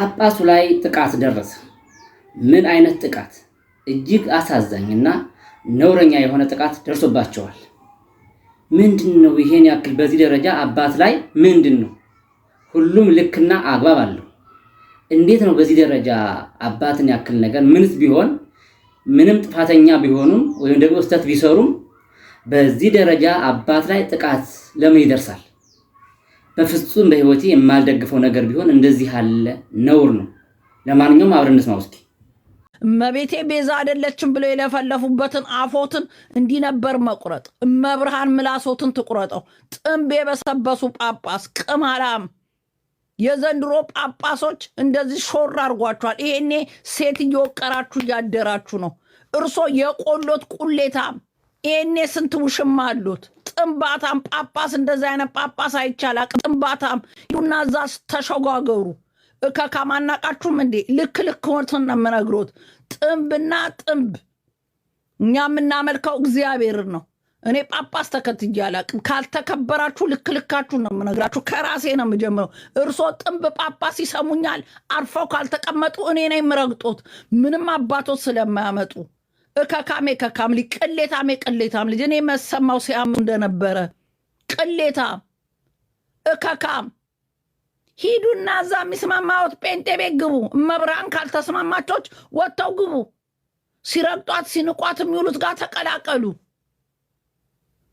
ጳጳሱ ላይ ጥቃት ደረሰ። ምን አይነት ጥቃት? እጅግ አሳዛኝና ነውረኛ የሆነ ጥቃት ደርሶባቸዋል። ምንድን ነው ይሄን ያክል በዚህ ደረጃ አባት ላይ ምንድን ነው? ሁሉም ልክና አግባብ አለው። እንዴት ነው በዚህ ደረጃ አባትን ያክል ነገር? ምንስ ቢሆን ምንም ጥፋተኛ ቢሆኑም ወይም ደግሞ ስህተት ቢሰሩም በዚህ ደረጃ አባት ላይ ጥቃት ለምን ይደርሳል? በፍጹም በህይወቴ የማልደግፈው ነገር ቢሆን እንደዚህ ያለ ነውር ነው። ለማንኛውም አብረን እንስማ እስኪ። እመቤቴ ቤዛ አይደለችም ብሎ የለፈለፉበትን አፎትን እንዲህ ነበር መቁረጥ። እመብርሃን ምላሶትን ትቁረጠው። ጥንብ የበሰበሱ ጳጳስ ቅማላም የዘንድሮ ጳጳሶች እንደዚህ ሾር አድርጓችኋል። ይሄኔ ሴት እየወቀራችሁ እያደራችሁ ነው። እርሶ የቆሎት ቁሌታም ይህኔ ስንት ውሽም አሉት። ጥንባታም ጳጳስ እንደዚህ አይነት ጳጳስ አይቻላል። ጥንባታም ይሁና እዛ ተሸጓገሩ እከካ ማናቃችሁም እንዴ ልክ ልክ ሆንትን ነው የምነግሮት። ጥንብና ጥንብ እኛ የምናመልከው እግዚአብሔር ነው። እኔ ጳጳስ ተከትዬ አላቅም። ካልተከበራችሁ ልክ ልካችሁ ነው የምነግራችሁ። ከራሴ ነው የምጀምረው። እርሶ ጥንብ ጳጳስ ይሰሙኛል። አርፈው ካልተቀመጡ እኔ ነው የምረግጦት ምንም አባቶት ስለማያመጡ እከካሜ ከካም ልጅ ቅሌታሜ ቅሌታም ልጅ እኔ መሰማው ሲያም እንደነበረ ቅሌታም እከካም ሂዱና እዛ የሚስማማዎት ጴንጤ ቤት ግቡ። መብራን ካልተስማማቾች ወጥተው ግቡ። ሲረግጧት ሲንቋት የሚውሉት ጋር ተቀላቀሉ።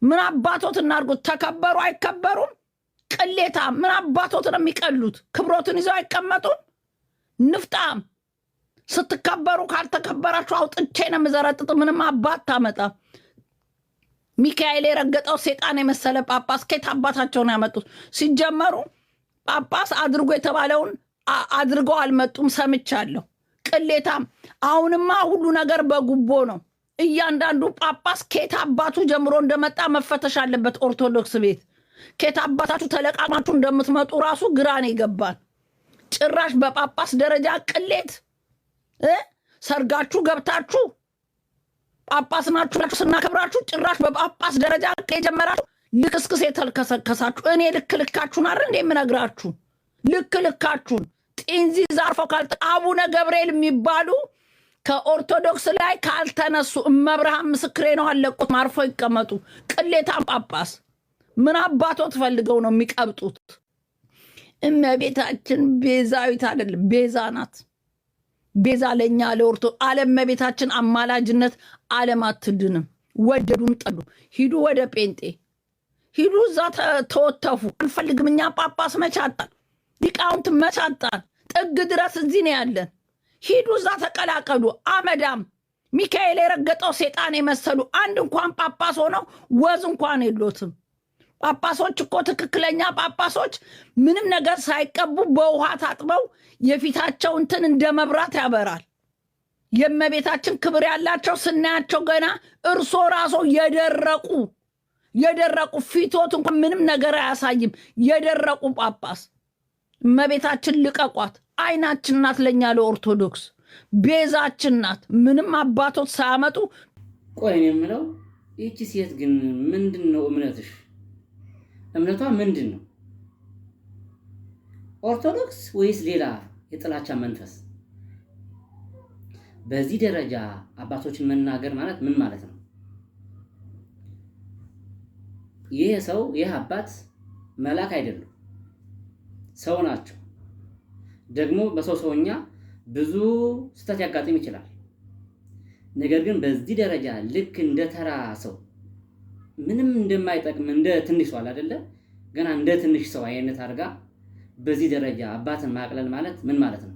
ምን አባቶት እናድርጉት? ተከበሩ አይከበሩም? ቅሌታ ምን አባቶት ነው የሚቀሉት? ክብሮትን ይዘው አይቀመጡም? ንፍጣም ስትከበሩ ካልተከበራችሁ አውጥቼ ነው የምዘረጥጥ። ምንም አባት ታመጣ ሚካኤል የረገጠው ሴጣን የመሰለ ጳጳስ ከየት አባታቸውን ያመጡት? ሲጀመሩ ጳጳስ አድርጎ የተባለውን አድርገው አልመጡም። ሰምቻለሁ። ቅሌታም። አሁንማ ሁሉ ነገር በጉቦ ነው። እያንዳንዱ ጳጳስ ከየት አባቱ ጀምሮ እንደመጣ መፈተሽ አለበት። ኦርቶዶክስ ቤት ከየት አባታችሁ ተለቃቅማችሁ እንደምትመጡ ራሱ ግራን ይገባል። ጭራሽ በጳጳስ ደረጃ ቅሌት ሰርጋችሁ ገብታችሁ ጳጳስ ናችሁ ስናከብራችሁ ጭራሽ በጳጳስ ደረጃ የጀመራችሁ ልክስክስ የተልከሰከሳችሁ እኔ ልክ ልካችሁን አረ እንዴ የምነግራችሁ ልክ ልካችሁን ጢንዚ ዛርፎ ካልተ አቡነ ገብርኤል የሚባሉ ከኦርቶዶክስ ላይ ካልተነሱ እመብርሃን ምስክሬ ነው። አለቁት ማርፎ ይቀመጡ። ቅሌታም ጳጳስ ምን አባቶ ትፈልገው ነው የሚቀብጡት? እመቤታችን ቤዛዊት አይደለም ቤዛ ናት። ቤዛ ለእኛ ለኦርቶ አለም መቤታችን አማላጅነት አለም አትድንም። ወደዱም ጠሉ። ሂዱ ወደ ጴንጤ ሂዱ፣ እዛ ተወተፉ። አንፈልግም እኛ ጳጳስ መቻጣል፣ ሊቃውንት መቻጣል፣ ጥግ ድረስ እዚህ ነው ያለን። ሂዱ እዛ ተቀላቀሉ። አመዳም ሚካኤል የረገጠው ሴጣን የመሰሉ አንድ እንኳን ጳጳስ ሆነው ወዝ እንኳን የሎትም። ጳጳሶች እኮ ትክክለኛ ጳጳሶች ምንም ነገር ሳይቀቡ በውሃ ታጥበው የፊታቸው እንትን እንደ መብራት ያበራል። የእመቤታችን ክብር ያላቸው ስናያቸው ገና እርሶ ራሶ የደረቁ የደረቁ ፊቶት እንኳን ምንም ነገር አያሳይም። የደረቁ ጳጳስ እመቤታችን ልቀቋት። አይናችን ናት ለእኛ ለኦርቶዶክስ ቤዛችን ናት። ምንም አባቶች ሳያመጡ ቆይ የምለው ይቺ ሴት ግን ምንድን ነው እምነትሽ? እምነቷ ምንድን ነው? ኦርቶዶክስ ወይስ ሌላ የጥላቻ መንፈስ? በዚህ ደረጃ አባቶችን መናገር ማለት ምን ማለት ነው? ይህ ሰው ይህ አባት መልአክ አይደሉም፣ ሰው ናቸው። ደግሞ በሰው ሰውኛ ብዙ ስህተት ያጋጥም ይችላል። ነገር ግን በዚህ ደረጃ ልክ እንደ ተራ ሰው ምንም እንደማይጠቅም እንደ ትንሽ ሰው አይደለ ገና እንደ ትንሽ ሰው አይነት አድርጋ በዚህ ደረጃ አባትን ማቅለል ማለት ምን ማለት ነው?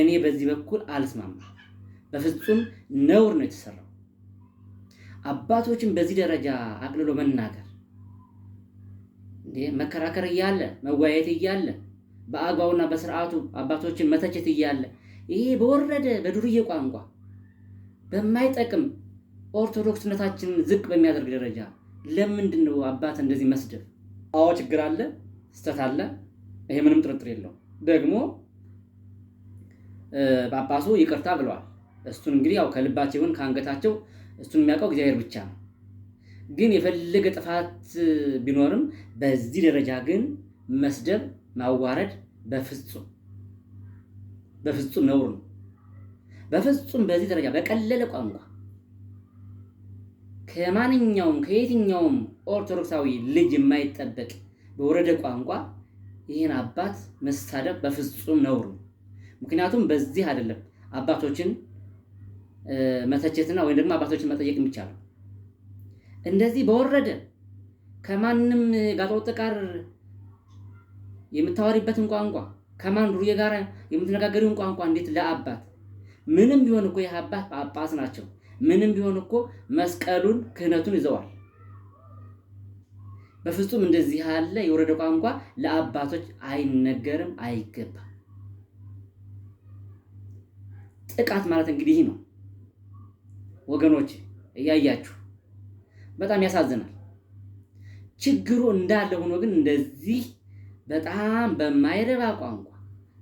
እኔ በዚህ በኩል አልስማማ። በፍጹም ነውር ነው የተሰራው። አባቶችን በዚህ ደረጃ አቅልሎ መናገር መከራከር እያለ መወያየት እያለ በአግባቡና በስርዓቱ አባቶችን መተቸት እያለ ይሄ በወረደ በዱርዬ ቋንቋ በማይጠቅም ኦርቶዶክስነታችንን ዝቅ በሚያደርግ ደረጃ ለምንድን ነው አባት እንደዚህ መስደብ? አዎ ችግር አለ፣ ስተት አለ። ይሄ ምንም ጥርጥር የለው። ደግሞ ጳጳሱ ይቅርታ ብለዋል። እሱን እንግዲህ ያው ከልባቸው ይሁን ከአንገታቸው እሱን የሚያውቀው እግዚአብሔር ብቻ ነው። ግን የፈለገ ጥፋት ቢኖርም በዚህ ደረጃ ግን መስደብ፣ ማዋረድ በፍጹም በፍጹም ነውር ነው። በፍጹም በዚህ ደረጃ በቀለለ ቋንቋ ከማንኛውም ከየትኛውም ኦርቶዶክሳዊ ልጅ የማይጠበቅ በወረደ ቋንቋ ይህን አባት መሳደብ በፍጹም ነውር ምክንያቱም በዚህ አይደለም አባቶችን መተቸትና ወይም ደግሞ አባቶችን መጠየቅ የሚቻለው እንደዚህ በወረደ ከማንም ጋጠወጥ ጋር የምታወሪበትን ቋንቋ ከማን ዱርዬ ጋር የምትነጋገሪውን ቋንቋ እንዴት ለአባት ምንም ቢሆን እኮ ይህ አባት ጳጳስ ናቸው። ምንም ቢሆን እኮ መስቀሉን ክህነቱን ይዘዋል። በፍጹም እንደዚህ ያለ የወረደ ቋንቋ ለአባቶች አይነገርም፣ አይገባም። ጥቃት ማለት እንግዲህ ይህ ነው ወገኖች፣ እያያችሁ በጣም ያሳዝናል። ችግሩ እንዳለ ሆኖ ግን እንደዚህ በጣም በማይረባ ቋንቋ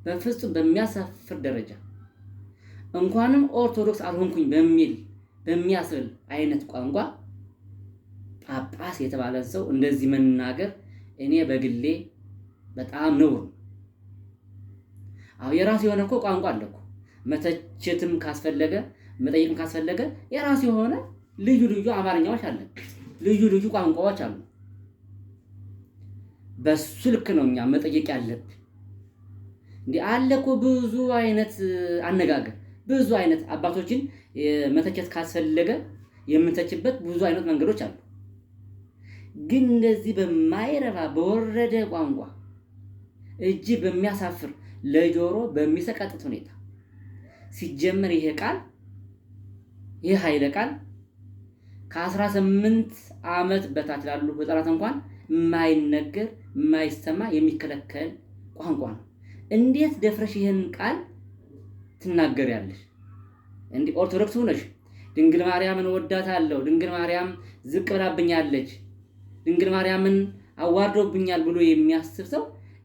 በፍጹም በሚያሳፍር ደረጃ እንኳንም ኦርቶዶክስ አልሆንኩኝ በሚል በሚያስብል አይነት ቋንቋ ጳጳስ የተባለን ሰው እንደዚህ መናገር እኔ በግሌ በጣም ነውር። አዎ የራሱ የሆነ እኮ ቋንቋ አለ እኮ። መተቸትም ካስፈለገ መጠየቅም ካስፈለገ የራሱ የሆነ ልዩ ልዩ አማርኛዎች አለ፣ ልዩ ልዩ ቋንቋዎች አሉ። በሱ ልክ ነው እኛ መጠየቅ ያለብን። እንዲህ አለ እኮ ብዙ አይነት አነጋገር ብዙ አይነት አባቶችን መተቸት ካስፈለገ የምንተችበት ብዙ አይነት መንገዶች አሉ። ግን እንደዚህ በማይረባ በወረደ ቋንቋ እጅግ በሚያሳፍር ለጆሮ በሚሰቀጥት ሁኔታ ሲጀመር ይሄ ቃል ይህ ኃይለ ቃል ከ18 ዓመት በታች ላሉ ህጻናት እንኳን የማይነገር የማይሰማ የሚከለከል ቋንቋ ነው። እንዴት ደፍረሽ ይህን ቃል ትናገሪያለሽ? እንዲህ ኦርቶዶክስ ሆነሽ ድንግል ማርያምን ወዳታለሁ፣ ድንግል ማርያም ዝቅ ብላብኛለች፣ ድንግል ማርያምን አዋርዶብኛል ብሎ የሚያስብ ሰው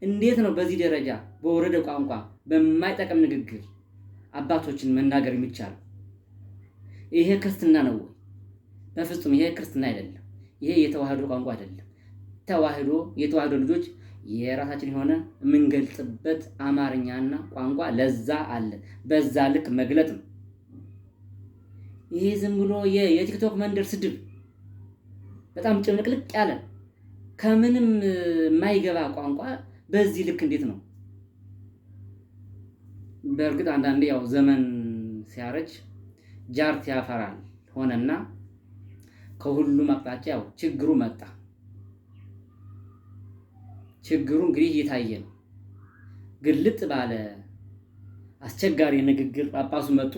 እንዴት ነው በዚህ ደረጃ በወረደ ቋንቋ በማይጠቅም ንግግር አባቶችን መናገር የሚቻለው? ይሄ ክርስትና ነው ወይ? በፍጹም ይሄ ክርስትና አይደለም። ይሄ የተዋህዶ ቋንቋ አይደለም። ተዋህዶ የተዋህዶ ልጆች የራሳችን የሆነ የምንገልጽበት አማርኛና ቋንቋ ለዛ አለ። በዛ ልክ መግለጥ ነው። ይሄ ዝም ብሎ የቲክቶክ መንደር ስድብ በጣም ጭንቅልቅ ያለ ከምንም የማይገባ ቋንቋ በዚህ ልክ እንዴት ነው? በእርግጥ አንዳንዴ ያው ዘመን ሲያረጅ ጃርት ያፈራል ሆነና ከሁሉም አቅጣጫ ያው ችግሩ መጣ። ችግሩ እንግዲህ እየታየ ነው። ግልጥ ባለ አስቸጋሪ ንግግር ጳጳሱ መጡ።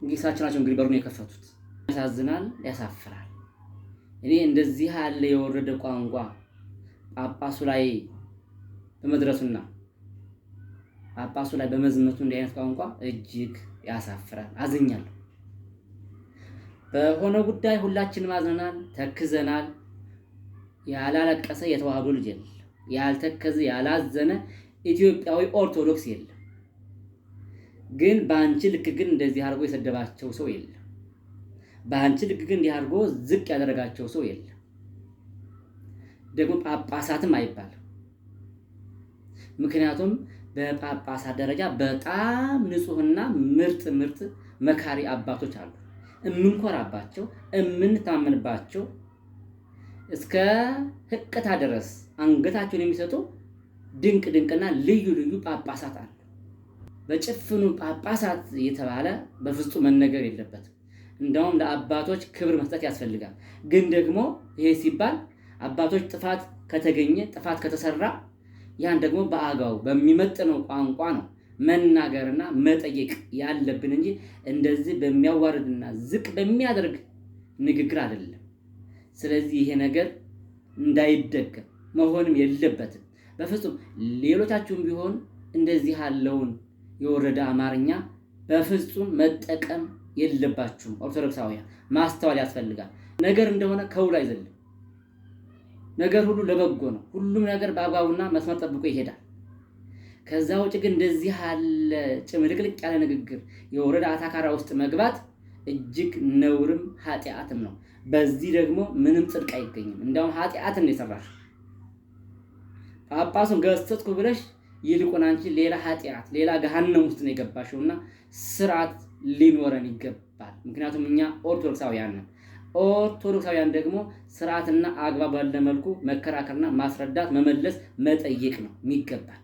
እንግዲህ ናቸው እንግዲህ በሩን የከፈቱት። ያሳዝናል፣ ያሳፍራል። እኔ እንደዚህ ያለ የወረደ ቋንቋ ጳጳሱ ላይ በመድረሱና ጳጳሱ ላይ በመዝመቱ እንዲህ አይነት ቋንቋ እጅግ ያሳፍራል። አዝኛለሁ። በሆነ ጉዳይ ሁላችንም አዝነናል፣ ተክዘናል። ያላለቀሰ የተዋህዶ ልጅ የለም። ያልተከዘ ያላዘነ ኢትዮጵያዊ ኦርቶዶክስ የለም። ግን በአንቺ ልክ ግን እንደዚህ አድርጎ የሰደባቸው ሰው የለም። በአንቺ ልክ ግን እንዲህ አድርጎ ዝቅ ያደረጋቸው ሰው የለም። ደግሞ ጳጳሳትም አይባልም። ምክንያቱም በጳጳሳት ደረጃ በጣም ንጹህና ምርጥ ምርጥ መካሪ አባቶች አሉ። እምንኮራባቸው፣ እምንታመንባቸው እስከ ህቅታ ድረስ አንገታቸውን የሚሰጡ ድንቅ ድንቅና ልዩ ልዩ ጳጳሳት አሉ። በጭፍኑ ጳጳሳት የተባለ በፍጹም መነገር የለበትም። እንደውም ለአባቶች ክብር መስጠት ያስፈልጋል። ግን ደግሞ ይሄ ሲባል አባቶች ጥፋት ከተገኘ ጥፋት ከተሰራ ያን ደግሞ በአጋው በሚመጥነው ቋንቋ ነው መናገርና መጠየቅ ያለብን እንጂ እንደዚህ በሚያዋርድና ዝቅ በሚያደርግ ንግግር አይደለም። ስለዚህ ይሄ ነገር እንዳይደገም መሆንም የለበትም በፍጹም። ሌሎቻችሁም ቢሆን እንደዚህ ያለውን የወረደ አማርኛ በፍጹም መጠቀም የለባችሁም። ኦርቶዶክሳውያን ማስተዋል ያስፈልጋል። ነገር እንደሆነ ከውሉ አይዘልም። ነገር ሁሉ ለበጎ ነው። ሁሉም ነገር በአግባቡና መስመር ጠብቆ ይሄዳል። ከዛ ውጭ ግን እንደዚህ ያለ ጭምልቅልቅ ያለ ንግግር የወረደ አታካራ ውስጥ መግባት እጅግ ነውርም ኃጢአትም ነው። በዚህ ደግሞ ምንም ጽድቅ አይገኝም፣ እንደውም ኃጢአትን ነው የሰራሽ። ጳጳሱን ገሰጽኩ ብለሽ ይልቁን አንቺ ሌላ ኃጢአት ሌላ ገሃነም ውስጥ ነው የገባሽው። እና ስርዓት ሊኖረን ይገባል። ምክንያቱም እኛ ኦርቶዶክሳውያን ነን። ኦርቶዶክሳውያን ደግሞ ስርዓትና አግባብ ባለ መልኩ መከራከርና ማስረዳት መመለስ መጠየቅ ነው የሚገባል።